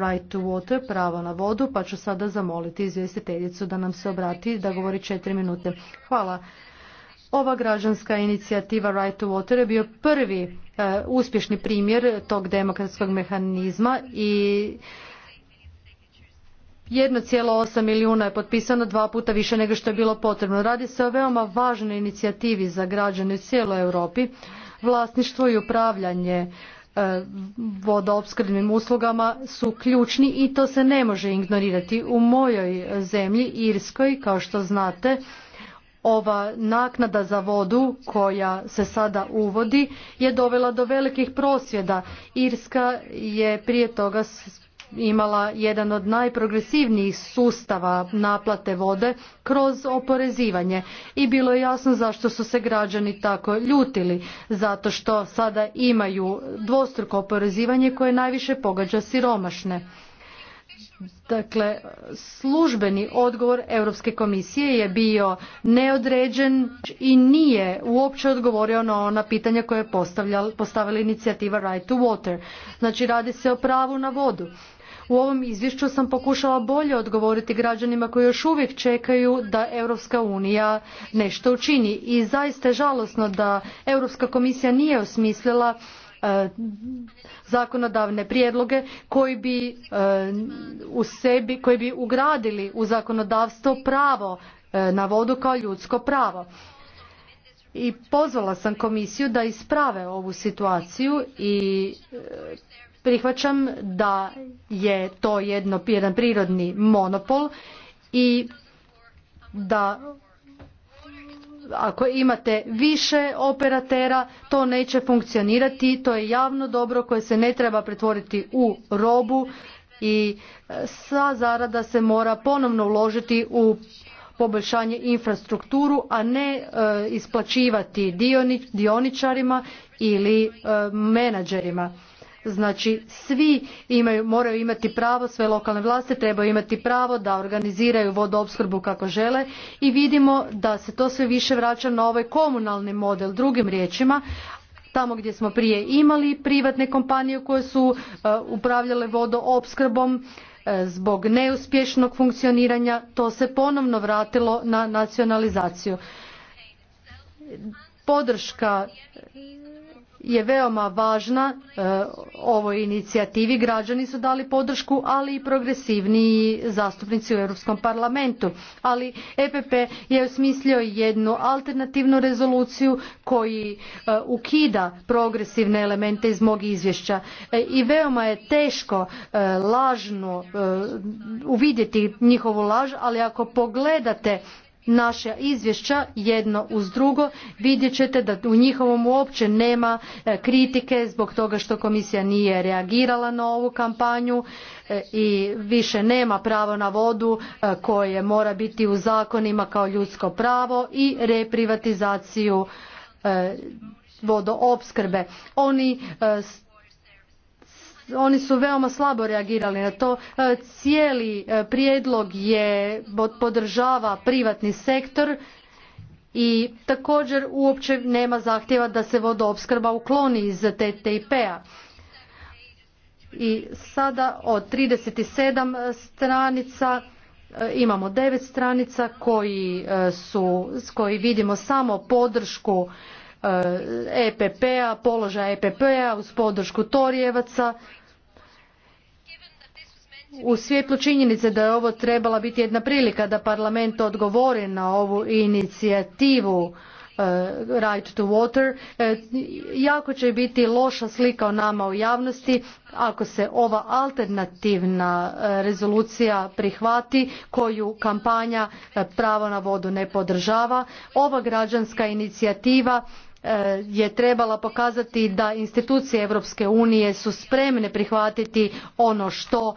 right to water, pravo na vodu, pa ću sada zamoliti izvjestiteljicu da nam se obrati da govori četiri minute. Hvala. Ova građanska inicijativa Right to Water je bio prvi e, uspješni primjer tog demokratskog mehanizma i 1,8 milijuna je potpisano dva puta više nego što je bilo potrebno. Radi se o veoma važnoj inicijativi za građane u cijeloj Europi. Vlasništvo i upravljanje E, vodoopskrbnim uslugama su ključni i to se ne može ignorirati. U mojoj zemlji, Irskoj, kao što znate, ova naknada za vodu koja se sada uvodi je dovela do velikih prosvjeda. Irska je prije toga imala jedan od najprogresivnijih sustava naplate vode kroz oporezivanje i bilo je jasno zašto su se građani tako ljutili zato što sada imaju dvostruko oporezivanje koje najviše pogađa siromašne. Dakle, službeni odgovor Europske komisije je bio neodređen i nije uopće odgovorio na ona pitanja koje je postavila inicijativa Right to Water. Znači, radi se o pravu na vodu. U ovom izvješću sam pokušala bolje odgovoriti građanima koji još uvijek čekaju da Europska unija nešto učini. I zaista je žalosno da Europska komisija nije osmislila e, zakonodavne prijedloge koji bi e, u sebi, koji bi ugradili u zakonodavstvo pravo e, na vodu kao ljudsko pravo. I pozvala sam komisiju da isprave ovu situaciju i prihvaćam da je to jedno, jedan prirodni monopol i da ako imate više operatera to neće funkcionirati to je javno dobro koje se ne treba pretvoriti u robu i e, sva zarada se mora ponovno uložiti u poboljšanje infrastrukturu a ne e, isplaćivati dioničarima ili e, menadžerima Znači svi imaju, moraju imati pravo, sve lokalne vlasti trebaju imati pravo da organiziraju vodoopskrbu kako žele i vidimo da se to sve više vraća na ovaj komunalni model. Drugim riječima, tamo gdje smo prije imali privatne kompanije koje su e, upravljale vodoopskrbom, e, zbog neuspješnog funkcioniranja to se ponovno vratilo na nacionalizaciju. Podrška je veoma važna e, ovoj inicijativi. Građani su dali podršku, ali i progresivniji zastupnici u Europskom parlamentu. Ali EPP je osmislio jednu alternativnu rezoluciju koji e, ukida progresivne elemente iz mog izvješća. E, I veoma je teško lažno uvidjeti njihovu laž, ali ako pogledate naša izvješća jedno uz drugo vidjet ćete da u njihovom uopće nema e, kritike zbog toga što komisija nije reagirala na ovu kampanju e, i više nema pravo na vodu e, koje mora biti u zakonima kao ljudsko pravo i reprivatizaciju vodoopskrbe. Oni oni su veoma slabo reagirali na to. E, cijeli e, prijedlog je podržava privatni sektor i također uopće nema zahtjeva da se vodoopskrba ukloni iz TTIP-a. I sada od 37 stranica e, imamo 9 stranica koji s koji vidimo samo podršku EPP-a, položaja EPP-a uz podršku Torijevaca u svjetlu činjenice da je ovo trebala biti jedna prilika da parlament odgovori na ovu inicijativu e, Right to Water, e, jako će biti loša slika o nama u javnosti ako se ova alternativna e, rezolucija prihvati koju kampanja Pravo na vodu ne podržava. Ova građanska inicijativa je trebala pokazati da institucije Europske unije su spremne prihvatiti ono što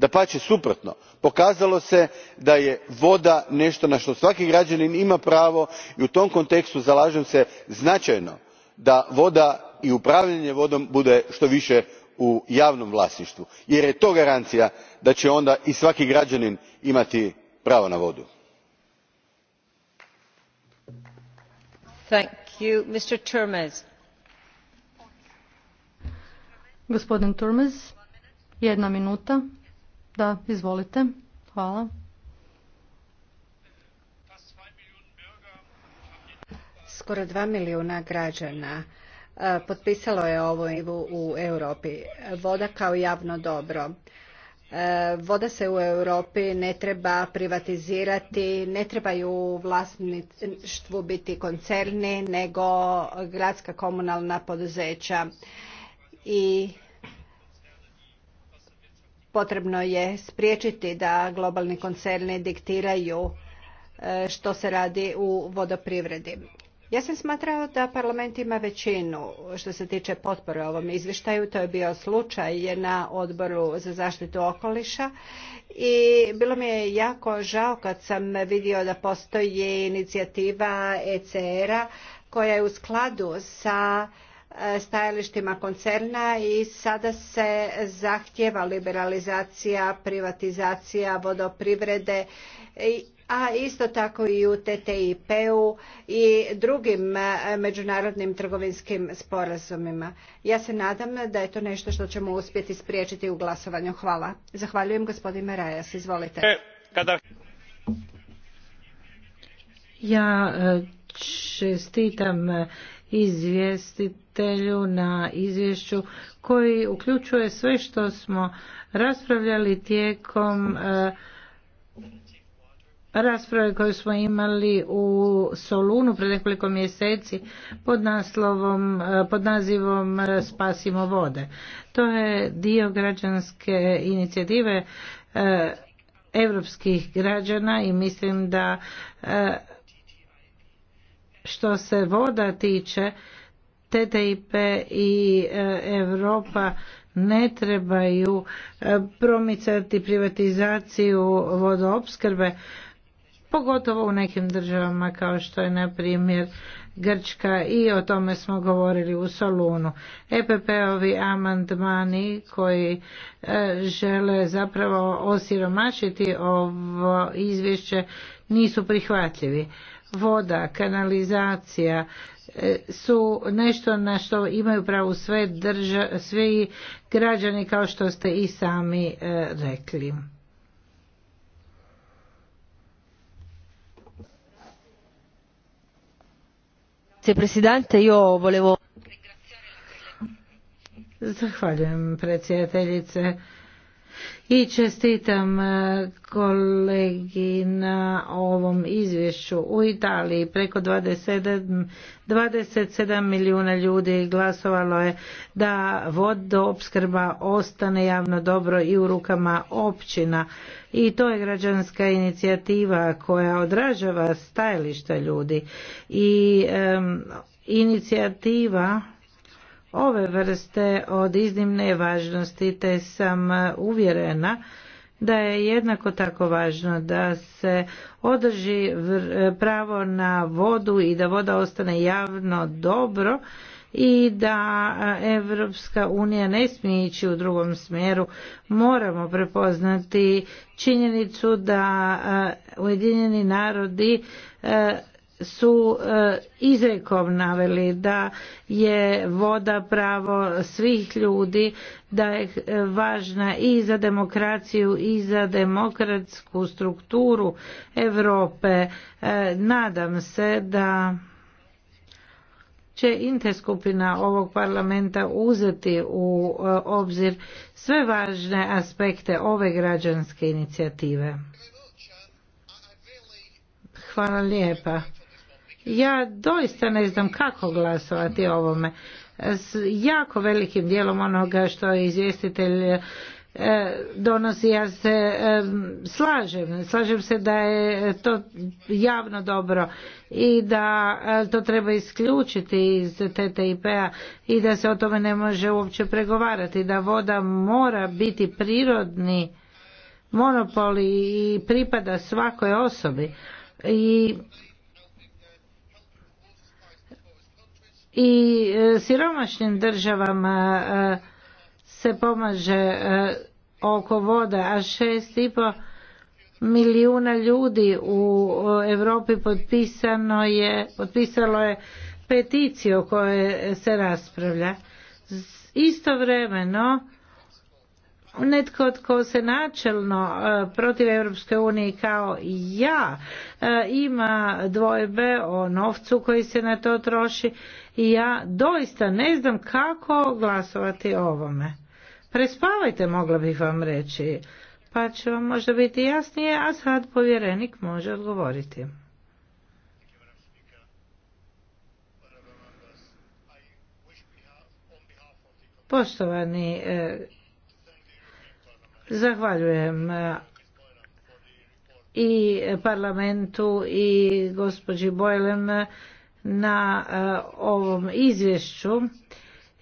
dapače suprotno pokazalo se da je voda nešto na što svaki građanin ima pravo i u tom kontekstu zalažem se značajno da voda i upravljanje vodom bude što više u javnom vlasništvu jer je to garancija da će onda i svaki građanin imati pravo na vodu. Gospodin jedna minuta. Da, izvolite. Hvala. Skoro dva milijuna građana e, potpisalo je ovo u Europi. Voda kao javno dobro. E, voda se u Europi ne treba privatizirati, ne trebaju u vlasništvu biti koncerni, nego gradska komunalna poduzeća. I Potrebno je spriječiti da globalni koncerni diktiraju e, što se radi u vodoprivredi. Ja sam smatrao da parlament ima većinu što se tiče potpore ovom izvještaju. To je bio slučaj na odboru za zaštitu okoliša i bilo mi je jako žao kad sam vidio da postoji inicijativa ECR-a koja je u skladu sa E, stajalištima koncerna i sada se zahtjeva liberalizacija, privatizacija vodoprivrede a isto tako i u TTIP-u i drugim e, međunarodnim trgovinskim sporazumima. Ja se nadam da je to nešto što ćemo uspjeti spriječiti u glasovanju. Hvala. Zahvaljujem gospodine Rajas. Izvolite. E, ja čestitam izvjestitelju na izvješću koji uključuje sve što smo raspravljali tijekom e, rasprave koju smo imali u Solunu pred nekoliko mjeseci pod, naslovom, e, pod nazivom e, Spasimo vode. To je dio građanske inicijative europskih građana i mislim da što se voda tiče TTIP i e, Europa ne trebaju e, promicati privatizaciju vodoopskrbe pogotovo u nekim državama kao što je na primjer Grčka i o tome smo govorili u Solunu. EPP-ovi amandmani koji e, žele zapravo osiromašiti ovo izvješće nisu prihvatljivi voda, kanalizacija e, su nešto na što imaju pravo sve drža, svi građani kao što ste i sami e, rekli. Presidente, io volevo... Zahvaljujem predsjedateljice i čestitam e, kolegi na ovom izvješću. U Italiji preko 27, 27 milijuna ljudi glasovalo je da vodoopskrba ostane javno dobro i u rukama općina i to je građanska inicijativa koja odražava stajališta ljudi i inicijativa ove vrste od iznimne važnosti te sam e, uvjerena da je jednako tako važno da se održi e, pravo na vodu i da voda ostane javno dobro i da Evropska unija ne smije ići u drugom smjeru. Moramo prepoznati činjenicu da Ujedinjeni narodi e, su e, izrekom naveli da je voda pravo svih ljudi, da je važna i za demokraciju i za demokratsku strukturu Europe. E, nadam se da će interskupina ovog parlamenta uzeti u e, obzir sve važne aspekte ove građanske inicijative. Hvala lijepa. Ja doista ne znam kako glasovati ovome. S jako velikim dijelom onoga što je izvjestitelj e, donosi, ja se e, slažem. Slažem se da je to javno dobro i da e, to treba isključiti iz TTIP-a i da se o tome ne može uopće pregovarati, da voda mora biti prirodni monopol i pripada svakoj osobi. I i e, siromašnim državama e, se pomaže e, oko voda, a šest i po milijuna ljudi u Europi potpisano je, potpisalo je peticiju o kojoj se raspravlja. Istovremeno netko tko se načelno protiv Europske unije kao ja ima dvojbe o novcu koji se na to troši i ja doista ne znam kako glasovati o ovome. Prespavajte, mogla bih vam reći, pa će vam možda biti jasnije, a sad povjerenik može odgovoriti. Poštovani, e, zahvaljujem e, i parlamentu i gospođi Bojlem na e, ovom izvješću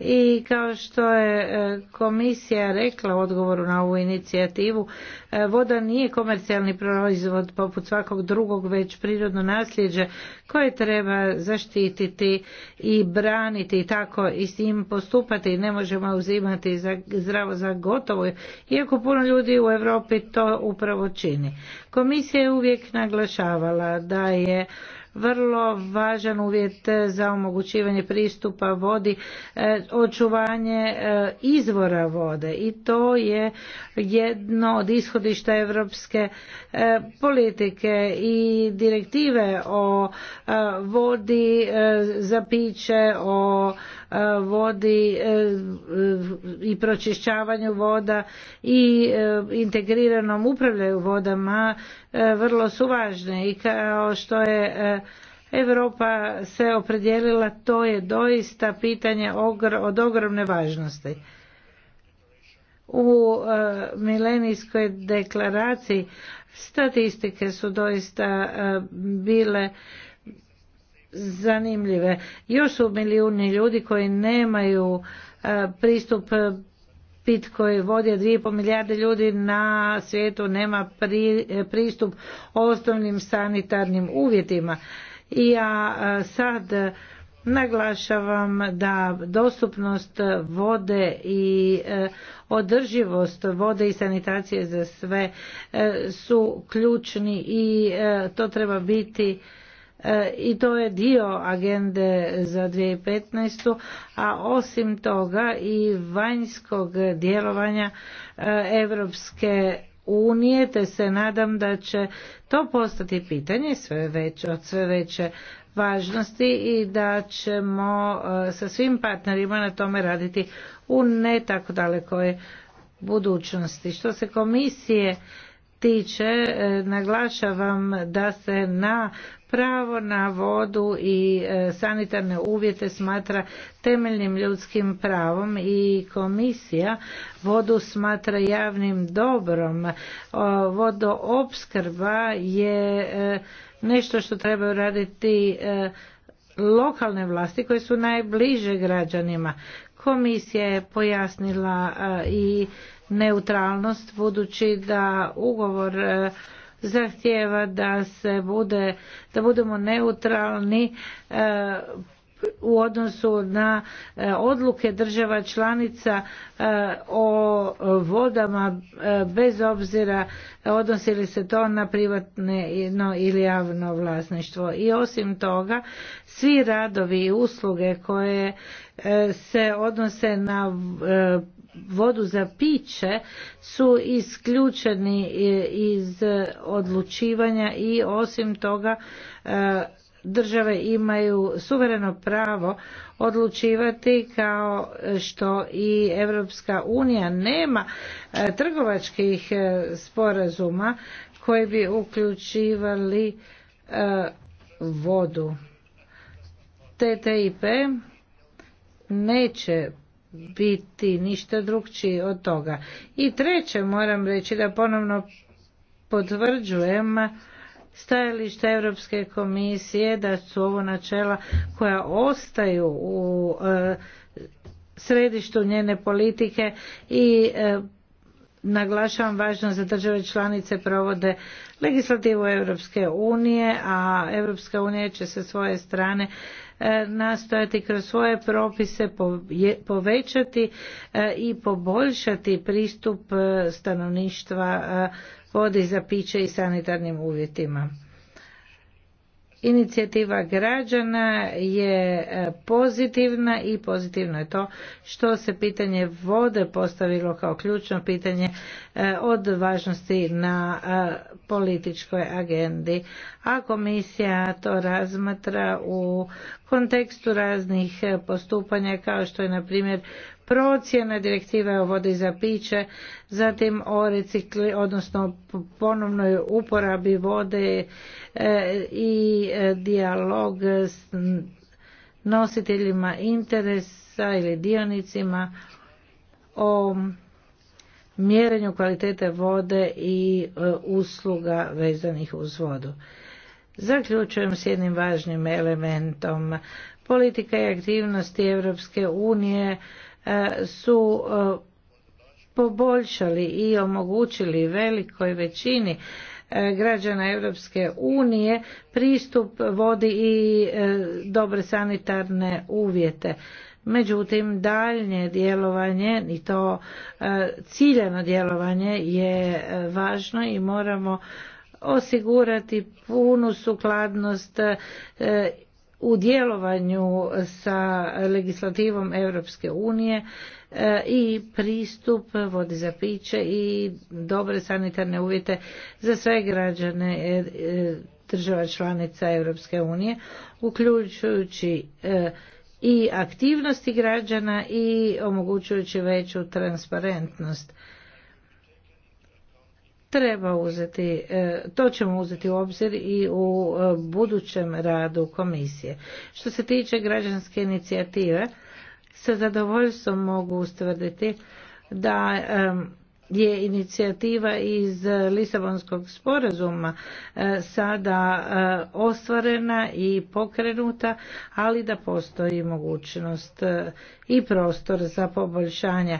i kao što je e, komisija rekla u odgovoru na ovu inicijativu, e, voda nije komercijalni proizvod poput svakog drugog, već prirodno nasljeđe koje treba zaštititi i braniti i tako i s tim postupati. Ne možemo uzimati za, zdravo za gotovo, iako puno ljudi u Europi to upravo čini. Komisija je uvijek naglašavala da je vrlo važan uvjet za omogućivanje pristupa vodi, e, očuvanje e, izvora vode i to je jedno od ishodišta europske e, politike i direktive o vodi za piće, o E, vodi e, e, i pročišćavanju voda i integriranom upravljaju vodama vrlo su važne i kao što je Europa se opredijelila to je doista pitanje od ogromne važnosti. U milenijskoj deklaraciji statistike su doista bile zanimljive. Još su milijuni ljudi koji nemaju e, pristup e, pitkoj vodi, 2,5 milijarde ljudi na svijetu nema e, pristup osnovnim sanitarnim uvjetima. I ja sad naglašavam da dostupnost vode i održivost vode i sanitacije za sve su ključni i to treba biti E, i to je dio agende za 2015. a osim toga i vanjskog djelovanja Europske unije te se nadam da će to postati pitanje sve veće od sve veće važnosti i da ćemo e, sa svim partnerima na tome raditi u ne tako dalekoj budućnosti. Što se komisije tiče e, naglašavam da se na pravo na vodu i e, sanitarne uvjete smatra temeljnim ljudskim pravom i komisija vodu smatra javnim dobrom e, vodoopskrba je nešto što trebaju raditi lokalne vlasti koje su najbliže građanima Komisija je pojasnila e, i neutralnost budući da ugovor e, zahtjeva da se bude da budemo neutralni e, u odnosu na e, odluke država članica e, o vodama e, bez obzira odnosi li se to na privatne ili javno vlasništvo. I osim toga svi radovi i usluge koje se odnose na vodu za piće su isključeni iz odlučivanja i osim toga države imaju suvereno pravo odlučivati kao što i Europska unija nema e, trgovačkih e, sporazuma koji bi uključivali e, vodu. TTIP neće biti ništa drugčiji od toga. I treće moram reći da ponovno potvrđujem stajalište Europske komisije da su ovo načela koja ostaju u e, središtu njene politike i e, naglašavam važnost da države članice provode legislativu Europske unije, a Europska unija će sa svoje strane e, nastojati kroz svoje propise povećati i poboljšati pristup stanovništva vodi za piće i sanitarnim uvjetima. Inicijativa građana je e, pozitivna i pozitivno je to što se pitanje vode postavilo kao ključno pitanje e, od važnosti na e, političkoj agendi. A komisija to razmatra u kontekstu raznih postupanja kao što je na primjer procjena direktive o vodi za piće, zatim o recikli, odnosno ponovnoj uporabi vode e, i e, dijalog s nositeljima interesa ili dionicima o mjerenju kvalitete vode i e, usluga vezanih uz vodu. Zaključujem s jednim važnim elementom. Politika i aktivnosti Europske unije E, su e, poboljšali i omogućili velikoj većini e, građana Europske unije pristup vodi i dobre sanitarne uvjete. Međutim, daljnje djelovanje i to ciljano djelovanje je važno i moramo osigurati punu sukladnost u djelovanju sa legislativom Europske unije e, i pristup vodi za piće i dobre sanitarne uvjete za sve građane e, e, država članica Europske unije, uključujući i aktivnosti građana i omogućujući veću transparentnost treba uzeti, e, to ćemo uzeti u obzir i u e, budućem radu komisije. Što se tiče građanske inicijative, sa zadovoljstvom mogu ustvrditi da e, je inicijativa iz Lisabonskog sporazuma sada ostvarena i pokrenuta, ali da postoji mogućnost i prostor za poboljšanja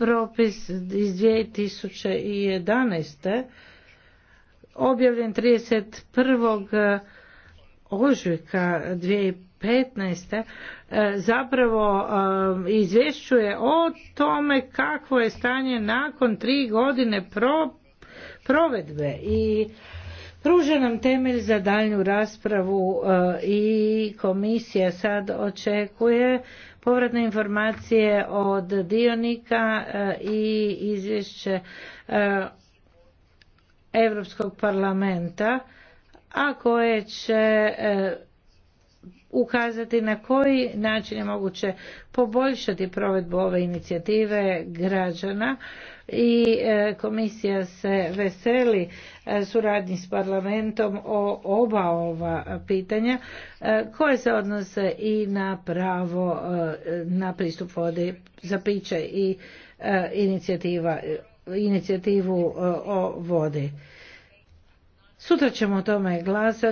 propis iz 2011. objavljen 31. E, ožujka 2015. E, zapravo e, izvješćuje o tome kakvo je stanje nakon tri godine provedbe i pruža nam temelj za daljnju raspravu i komisija sad očekuje povratne informacije od dionika eh, i izvješće eh, Europskog parlamenta, a koje će eh, ukazati na koji način je moguće poboljšati provedbu ove inicijative građana i e, komisija se veseli e, suradnji s parlamentom o oba ova pitanja e, koje se odnose i na pravo na pristup vodi za piće i inicijativu o vodi. Sutra ćemo o tome glasati.